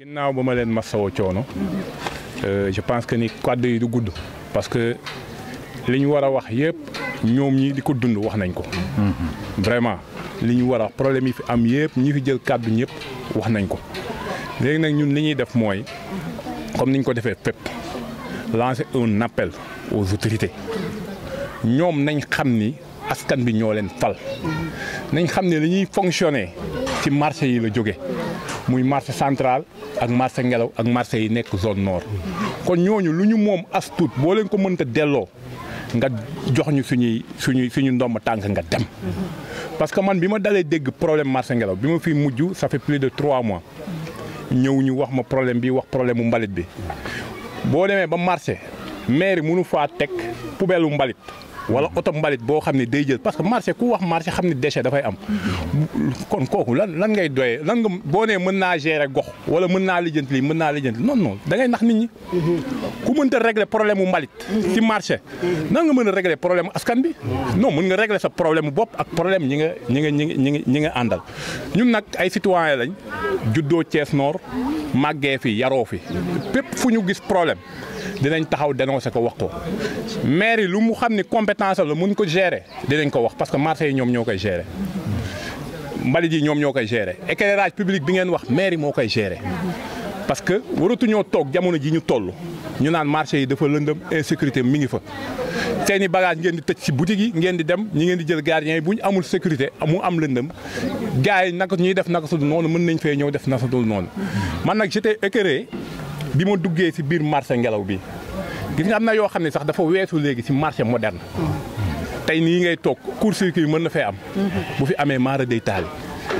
ginnaaw ba ma leen masawoo coono euh, je pense que ni kàddu yi du gudd parce que li ñu war a wax yëpp ñoom ñii di ko dund wax nañ ko. Mm-hmm. vraiment li ñu war a wax problème yi fi am yëpp ñi fi jël kàddu ñëpp wax nañ ko léegi nag ñun li ñuy def mooy comme niñ ko defee fépp lancer un appel aux autorités ñoom nañ xam ni askan bi ñoo leen fal nañ xam ne li ñuy fonctionner si marché yi la jóge muy marché central ak marché ngelaw ak marché yi nekk zone nord. kon ñooñu lu ñu moom as boo leen ko mënta delloo nga jox ñu suñuy suñuy suñu ndomb tànk nga dem. parce que man bi ma dalee dégg problème marché ngelaw bi ma fi mujj ça fait plus de trois mois ñëw ñu wax ma problème bi wax problème mu mbalit bi boo demee ba marché maire mënu faa teg poubelle u mbalit. wala oto mbalit boo xam ne day jël parce que marché ku wax marché xam ne déchet dafay am kon kooku lan lan ngay doyee lan nga boo nee mën naa gérer gox wala mën naa lijjanti lii mën naa lijjanti non non da ngay nax nit ñi ku mënta régler problème mu mbalit ci marché nan nga mën a régler problème askan bi non mën nga régler sa problème bopp ak problème ñi nga ñi nga ñi nga ñi nga àndal ñun nag ay citoyen lañ juddoo Thiès Nord màggee fi yaroo fi pépp fu ñu gis problème dinañ taxaw dénoncé ko wax ko maire lu mu xam ni compétence la mun ko gérer dinañ ko wax parce que marché yi ñoom ñoo koy gérer mbalit ji ñoom ñoo koy gérer éclairage public bi ngeen wax maire yi moo koy gérer parce que waratuñoo toog jamono ji ñu toll ñu naan marché yi dafa lëndëm insécurité mi ngi fa. seen ni bagage ngeen di tëj si boutique yi ngeen di dem ñi ngeen di jël gardien yi bu ñu amul sécurité mu am lëndëm gars yi naka ñuy def naka su dul noonu mën nañ fee ñëw def naka su dul noonu. man nag j'étais écœuré bi ma duggee si biir marché ngelaw bi gis nga am na yoo xam ne sax dafa weesu léegi si marché moderne. tey nii ngay toog court circuit mën na fee am. bu fi amee maara day taal.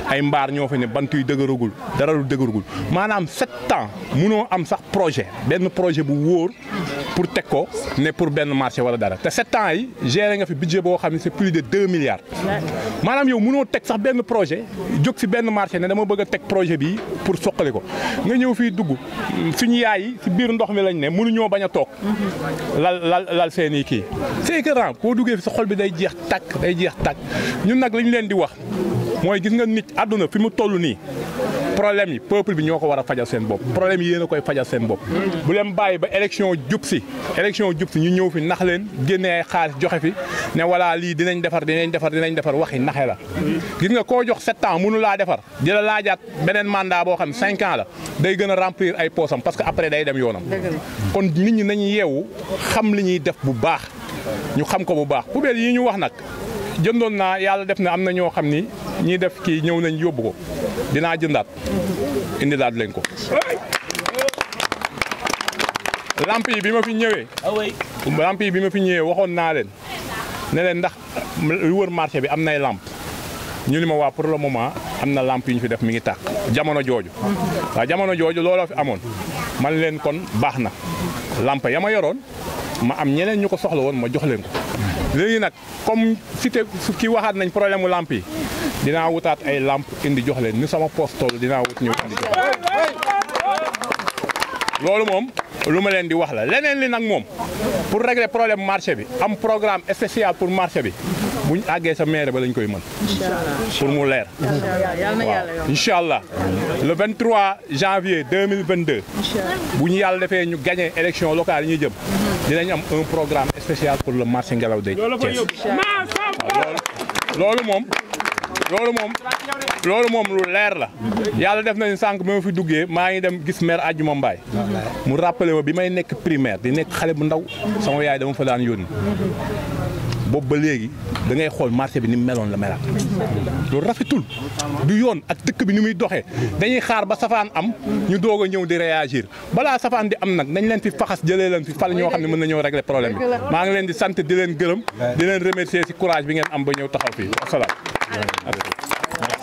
ay mbaar ñoo fa ne bant yu dëgëragul dara lu dëgëragul maanaam sept ans munoo am sax projet benn projet bu wóor pour teg ko ne pour benn marché wala dara te sept ans yi géré nga fi budget boo xam ne c'est plus de deux milliards. maanaam yow munoo teg sax benn projet jóg si benn marché ne dama bëgg a teg projet bii pour soqali ko nga ñëw fii dugg suñu yaay yi si biir ndox mi lañ ne mënuñoo bañ a toog. lal lal lal seen kii c'est grand koo duggee fi sa xol bi day jeex tàkk day jeex tàkk ñun nag lañ leen di wax. mooy gis nga nit àdduna fi mu toll nii problème yi peuple bi ñoo ko war a fajal seen bopp problème yi yéen a koy fajal seen bopp bu leen bàyyi ba élection jub si élection jub si ñu ñëw fi nax leen génne ay xaalis joxe fi ne voilà lii dinañ defar dinañ defar dinañ defar waxi naxe la gis nga koo jox sept ans mënu defar di la laajaat beneen mandat boo xam cinq ans la day gën a remplir ay poosam parce que après day dem yoonam kon nit ñi nañu yeewu xam li ñuy def bu baax ñu xam ko bu baax poubelle yi ñu wax nag jëndoon naa yàlla def na am na ñoo xam ni ñi def kii ñëw nañ yóbbu ko dinaa jëndaat indi daat lañ ko lamp yi bi ma fi ñëwee lamp yi bi ma fi ñëwee waxoon naa leen ne leen ndax lu wër marché bi am nay làmp ñu ni ma waa pour le moment am na lamp yu ñu fi def mi ngi tàkk jamono jooju waa jamono jooju looloo fi amoon man leen kon baax na lamp ya ma yoroon ma am ñeneen ñu ko soxla woon ma jox leen ko léegi nag comme cité ki waxaat nañ problème mu lamp yi dinaa wutaat ay lamp indi jox leen ni sama poos toll dinaa wut ñëw indi jox loolu moom lu ma leen di wax la leneen li nag moom pour régler problème marché bi am programme spécial pour marché bi bu ñu àggee sa maire ba lañ koy mën. pour mu leer. incha allah le 23 janvier 2022. bu ñu yàlla defee ñu gagné élection locale yi ñuy jëm. Mhm. dinañ am un programme spécial pour le marché Ngelaw de Thiès. loolu moom. loolu moom loolu moom lu leer la yàlla def nañu sànq bi fi duggee maa ngi dem gis maire Adjuma Mbaye mu rappelé ma bi may nekk primaire di nekk xale bu ndaw sama yaay dama fa daan yónni boobu ba léegi da ngay xool marché bi ni mu meloon la melaat loolu rafetul du yoon ak dëkk bi ni muy doxee dañuy xaar ba safaan am ñu doog a ñëw di réagir balaa safaan di am nag nañ leen fi faxas jëlee leen fi fal ñoo xam ne mën na ñëw régler problème maa ngi leen di sant di leen gërëm di leen remercier ci courage bi ngeen am ba ñëw taxaw Merci.